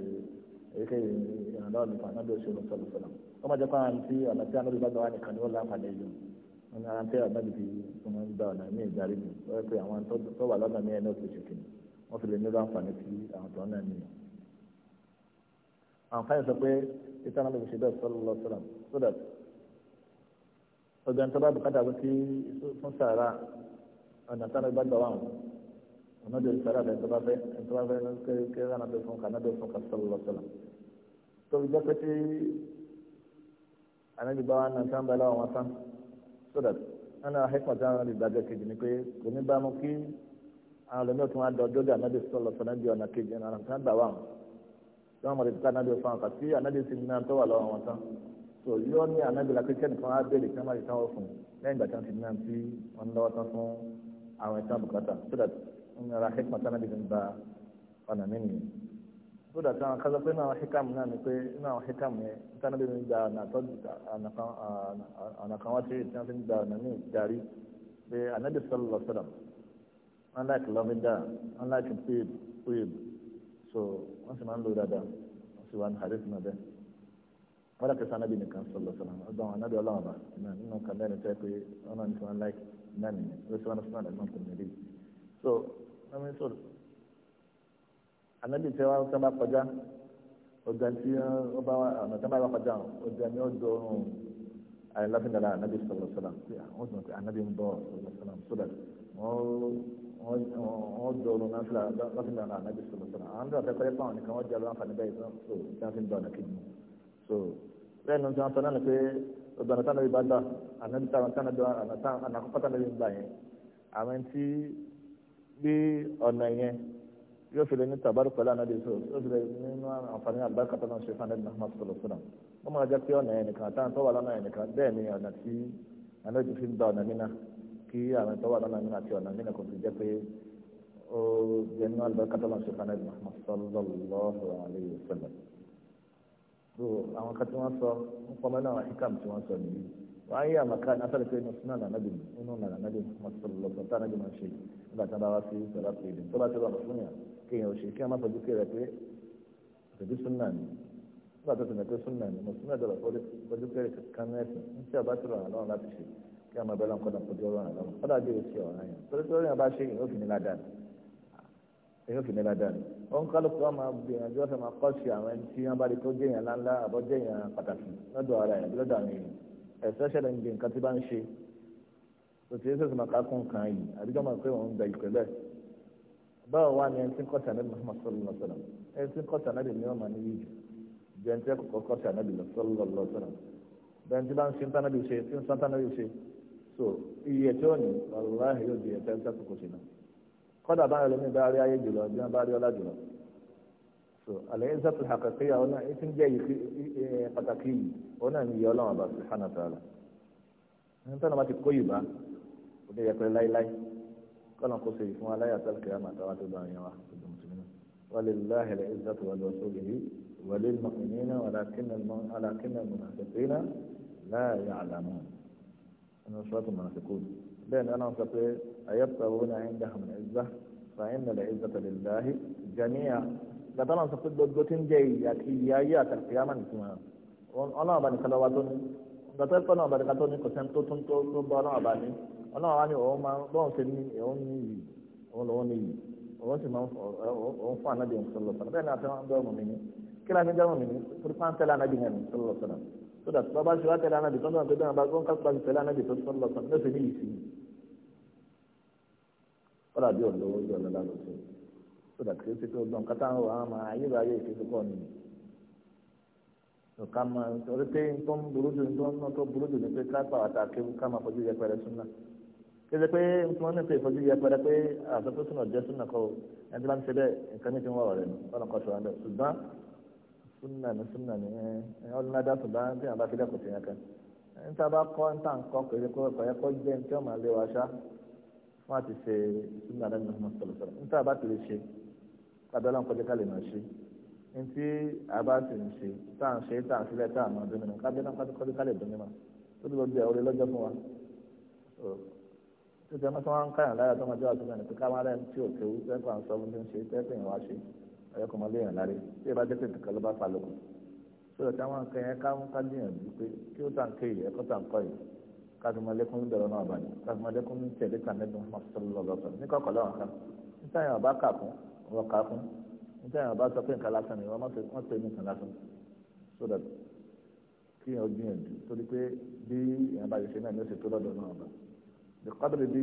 èyíkéyìí ìrànlọ́wọ́ nípa ànábì sọlọ́ wọ́n máa jẹ́ pàrọ̀ àti ọ̀nà tí anábì bá gbà wá nìkan ni wọ́n láǹfààní jù wọn náà tẹ́ anábì fi wọ́n máa ń gba ọ̀nà míì darí mi wọ́n pe àwọn tó wà lọ́nà míì náà fi ṣèkìnnì wọ́n fi lè ní láǹfààní sí àwọn tó náà nìyẹn. àǹfààní sọ pé títí anábì fi ṣe bẹ́ẹ̀ sọ́lọ́ lọ sọ́lọ́ so that ọ̀gbìn tó bá bùkátà pé kí fún sàrà ọ̀nà tánábì bá gbà wá wọn ọ̀nà ànábi bá wọn nàǹkan bá láwọn wọn tán so that ẹnna hekima tí wọn lè gbàgbé kejì ni pé kò ní bá mu kí àwọn ọlọmọ tí wọn dọjọ dé ànábi sọlọ sọ ànábi ọ̀nà kejì ẹnna nàǹkan bá wọn tí wọn mọ̀lẹ́ ká ànábi fún wọn kà sí sì ní àtọ́wà láwọn wọn tán so yóò ní ànábi la kékeré nìkan á béèrè kí wọn má lè táwọn fún lẹ́yìn ìgbà tí wọn ti ní àti wọn lọ́wọ́ tán fún àwọn ìtàn so that àwọn kan sọ pé náà hikamu náà ni pé náà hikamu yẹn níta níbi mi gba ọ̀nà kan wá sí èyí tí wọ́n fi ń gba ọ̀nà ní ìdarí pé anabi sallallahu alaihi wasallam unlike lọ́mídà unlike pib pib so wọ́n sì máa ń lo dáadáa wọ́n sì wá ní hadith náà bẹ́ẹ̀ wọ́n dàkẹ́ sí anabi nìkan sallallahu alaihi wasallam ọdún àwọn anabi ọlọ́wọ́ bá nínú kan bẹ́ẹ̀ ni tẹ́ pé wọ́n náà ní sinadà so wọ́n mi anabi tẹ wọn sábà kọjá ọjà tí ọba ọ̀nà tí wọn bá kọjá ọjà ni ó dọ ọrùn àyẹ̀láfín dara anabi sọlọ sọlọ pé àwọn sọ pé anabi ń bọ sọlọ sọlọ sọlọ wọn dọ ọrùn náà fìlà dara anabi sọlọ sọlọ àwọn tó àtẹkọ yẹ fáwọn nìkan wọn jẹ lọ́wọ́ àǹfààní báyìí sọ tí wọn fi ń dọ ọ̀nà kejì so bẹ́ẹ̀ ni wọn sọ náà pé ọjà náà tánà bí bá dà anabi táwọn tánà dọ ànàkọ́pátánà bí ń gbà yẹn àwọn tí bí yóò fi lè ní tabaru pẹ̀lú anabi so yóò fi lè nínú àǹfààní àlùbáríkà tó náà ṣe fún anabi muhammad sallallahu alaihi wasallam wọ́n máa jẹ́ pé ọ̀nà ẹ̀ nìkan àtàwọn tó wà lọ́nà ẹ̀ nìkan bẹ́ẹ̀ ni ọ̀nà tí anabi fi ń gba ọ̀nà mìíràn kí àwọn tó wà lọ́nà mìíràn àti ọ̀nà mìíràn kò fi jẹ́ pé ó jẹ́ nínú àlùbáríkà tó náà ṣe fún anabi muhammad sallallahu alaihi wasallam. so àwọn kan tí wọ́n sọ ń pọ́ náà kéèyàn ò ṣe kí wọn má fojú sí rẹ pé òṣèlú súnà ni nígbà tó ti mọ̀ pé súnà ni mo súnà dọ̀rọ̀ fojú sí rẹ kan ẹ̀sìn ní tí ọba tó ràn án lọ́rùn láti ṣe kí wọn má bẹ́ẹ̀ lọ́n kọ́dà fojú ọ̀rọ̀ ràn lọ́rùn kọ́dà bí o ṣe ọ̀ràn yẹn torí pé orí yẹn bá ṣe èyàn ò fi ní ládàá ni èyàn ò fi ní ládàá ni wọn kálukú wọn máa gbìyànjú ọ̀sẹ̀ máa kọ́ sí àwọn ẹni tí wọn bá rí tó jẹyàn láńlá àbọ̀ jẹyàn pàtàkì lọ́dọ̀ ara yẹn lọ́dọ̀ àwọn èèyàn ẹ̀sẹ̀ ṣẹlẹ̀ ń gbé nǹkan tí bá báwo wá ni ẹni tí ń kọ́ sànẹ́bì Muhammad sallallahu alaihi wasallam ẹni tí ń kọ́ sànẹ́bì ni wọ́n máa ní yíjù jẹ́ ẹni tí kò kọ́ sànẹ́bì sallallahu alaihi wasallam bẹ́ẹ̀ tí bá ń sin tánàbì ṣe tí ń san tánàbì ṣe so iye tí ó ní wàlúwàhì yóò di ẹ̀fẹ́ ẹ̀fẹ́ kòkòtì náà kọ́dà bá rẹ̀ lómi bá rí ayé jùlọ bí wọ́n bá rí ọlá jùlọ so àlẹ́ ìsàtú àkàkẹ́yà ọ̀nà ètí ń jẹ́ pàtàkì yìí ọ̀nà ní ìyá ọlọ́run àbá subhanahu wa ta'ala ẹni tánà bá ti kó yìí bá kọ́nà kó ṣe ìfún aláyàtọ̀ kìlámà táwa tó bá yẹn wa gbogbo mùsùlùmí walillahi al-izzatu wa rasulihi wa lil mu'minina walakinna al-munafiqina la ya'lamun inú sọ́ọ̀tù munafiqun bẹ́ẹ̀ ni wọ́n sọ pé ayabtaguna indahum al-izza fa inna al-izzata lillahi jami'a gbàtà náà sọ pé gbogbo tí ń jẹ ìyà ọlọ́run wa ni òun máa bọ́ọ̀n ṣe ní òun ní iyì òun lòun ní iyì òun sì máa òun fún anabi sọlọ sọlọ bẹ́ẹ̀ ni àti wọn bẹ́ẹ̀ mọ̀ mí ní kí lóun jẹ́ mọ̀ mí ní torí pa ń tẹ́lẹ̀ anabi yẹn ní sọlọ sọlọ so that bàbá ṣe wá tẹ́lẹ̀ anabi tó ń dọ̀n pé bẹ́ẹ̀ bá gbọ́n ká pàṣẹ tẹ́lẹ̀ anabi tó sọlọ sọlọ ló ṣe ní iyì sí i kọ́lá bí òun lówó yọ lọ́la lọ sí i so that kí ó ti tó gbọ́n kátà ń wọ àwọn ayébáyé ìfẹ́sùkọ́ ni ká máa orí pé tó ń pàwọ́ ta kéwú ká máa fojú yẹpẹrẹ súnmọ́ kéde pé wọn ní pé ìfọjú yẹ pẹlẹ pé àgbẹ̀pẹ̀ súnà jẹ́ súnà kọ́ ẹni tí wọ́n ti ṣe bẹ́ẹ̀ nǹkan ní ti ń wà ọ̀rẹ́ wọn kọ́ ṣọ́ ẹ̀ ṣùgbọ́n súnà ní súnà ní ọ̀dúnládá ṣùgbọ́n tí àwọn bá fi dẹ́kun sí yẹn kan ẹni tí a bá kọ́ ní tàn kọ́ kéde kó ẹ̀kọ́ yẹ kó jẹ́ ní tí wọ́n máa lé wa ṣá fún àti ṣe súnà lẹ́nu ọmọ sọ̀rọ̀sọ̀rọ̀ ní tí a bá ti lè ṣe abẹ́lẹ́ ọkọ̀ jẹ́ká lè máa ṣe ní tí a bá ti tó jẹ́ mọ́tò wọn ń káyàn láyà tó máa jẹ́ àtúntò ẹni pé ká má lẹ́yìn tí ò kéwú tẹ́kọ̀ àwọn sọ́mu tó ń ṣe tẹ́kọ̀ ìwà ṣe ẹ̀yọ́kọ̀ máa léèyàn láre tí ìbá jẹ́ pé nǹkan ló bá fa lóko sọ̀rọ̀ tí àwọn nǹkan yẹn ká ń ká gbìyànjú pé kí ó tàn kéyì ẹ̀kọ́ tàn kọ́ yìí kádùmọ̀lẹ́kùn dọ̀rọ̀ náà báyìí kádùmọ̀lẹ́kùn tẹ̀lé tàmẹ́dùn mọ́sálọ́lọ́sọ ní kọ́kọ́ bí kọ́dọ̀ bíbí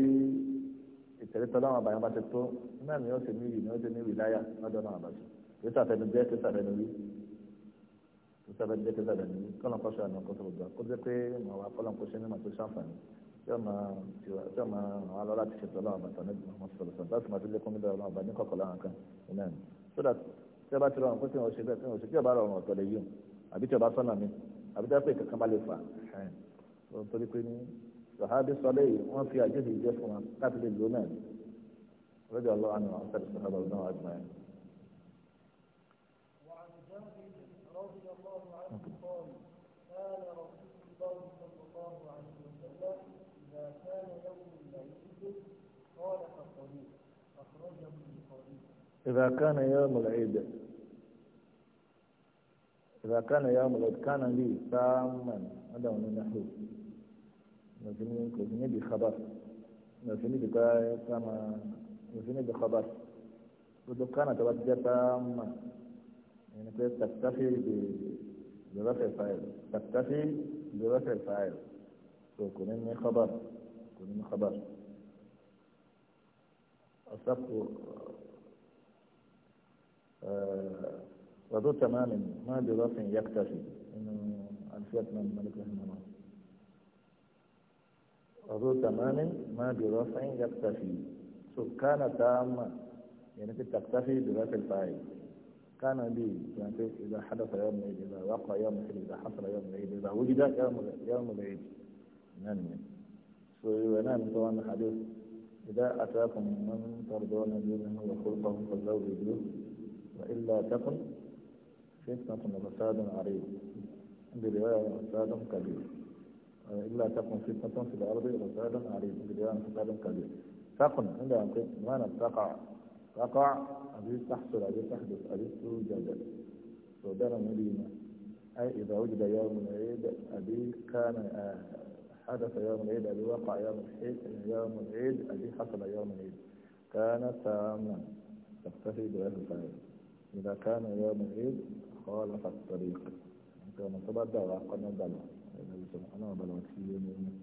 ìtẹ̀lẹ́tọ́ láwọn àbàyàn bá ti tó náà ni ó ti ní ìyì ni ó ti ní ìwì láyà lọ́dọ̀ náà àbàṣe kì í sàfẹ́nu jẹ́ kì í sàfẹ́nu wí kì í sàfẹ́nu jẹ́ kì í sàfẹ́nu wí kọ́nà kọ́ṣọ́ àná kó sọ̀rọ̀ gbà kó jẹ́ pé màá wá kọ́nà kọ́ṣẹ́ ní màá tó ṣàǹfààní yóò máa wá lọ láti ṣètò ọlọ́run àbàtà ní ọmọ sọ̀rọ̀ sọ̀rọ̀ láti so that tí a bá ti rọrùn pé tí wọn ò ṣe bẹ́ẹ̀ tí wọn ò ṣe tí ọba rọrùn ọ̀tọ̀ lè sàhábí sọlẹ̀ yìí wọ́n fi àjẹsí jẹ́ fún wa láti lè lò náà lọ́jọ́ ọlọ́run àwọn àwọn sẹ́dí sàhábà náà wà jùmọ̀ yẹn. إذا كان يوم العيد إذا كان يوم العيد كان لي ساما هذا هو النحو مسلمين كوزيني بخبر مسلمين بكاية كما مسلمين بخبر هناك كان توجه تامة يعني تكتفي برفع الفاعل تكتفي برفع الفاعل خبر كونني خبر الصف آه وذو ما يكتفي إنه ألفية من ملك رحمه الله وذو تمام ما برفع يكتفي سو كان تاما يعني تكتفي برفع الفاعل كان به يعني إذا حدث يوم العيد إذا وقع يوم العيد إذا حصل يوم العيد إذا وجد يوم يوم العيد نعم ونعم طبعا حديث إذا أتاكم من ترضون دينه وخلقه فزوجوه وإلا تكن فتنة وفساد عريض برواية وفساد كبير إلا تكن فتنة في الأرض وفساد عليم بديان فساد كبير تكن عندها ما تقع تقع أبي تحصل أبي تحدث أبي توجد صدر مدينة أي إذا وجد يوم العيد أبي كان آه، حدث يوم العيد أبي وقع يوم العيد يوم العيد أبي حصل يوم العيد كان تاما تكتفي بهذا الفاعل إذا كان يوم العيد خالف الطريق كان تبدأ وعقد الدلوع ẹ̀rọ sọ̀rọ̀ ọlọ́run bá lọ sí ẹni ẹni.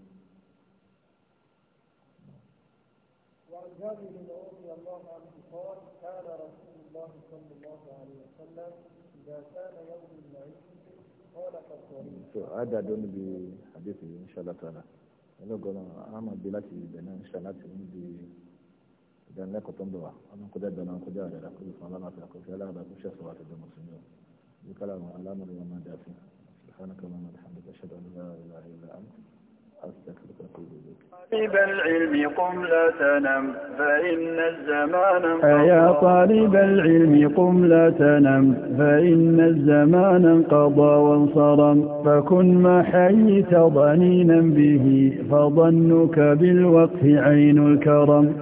وعن جابر بن رضي الله عنه قال كان رسول الله صلى الله عليه وسلم اذا كان يوم العيد قال كالصليب. هذا دون بحديثه ان شاء الله تعالى. ẹlọgọrọ ama bi láti bẹ̀rẹ̀ nṣà láti ń di ìdánilẹ́kọ̀ọ́ tó ń bọ̀ wá ọdún kọjá ìdáná kọjá rẹ̀ rà kó lè fún aláàfin àkọsí aláàbà kó ṣẹ̀ṣọ́ àti ìdánmọ̀sí bí kálá àwọn alámọ̀lẹ́wọ̀n máa dá sí i. سبحانك اللهم وبحمدك أشهد أن لا إله إلا أنت أستغفرك وأتوب إليك طالب العلم قم لا تنم فإن الزمان يا طالب العلم قم لا تنم فإن الزمان انقضى وانصرم فكن ما حييت ضنينا به فظنك بالوقف عين الكرم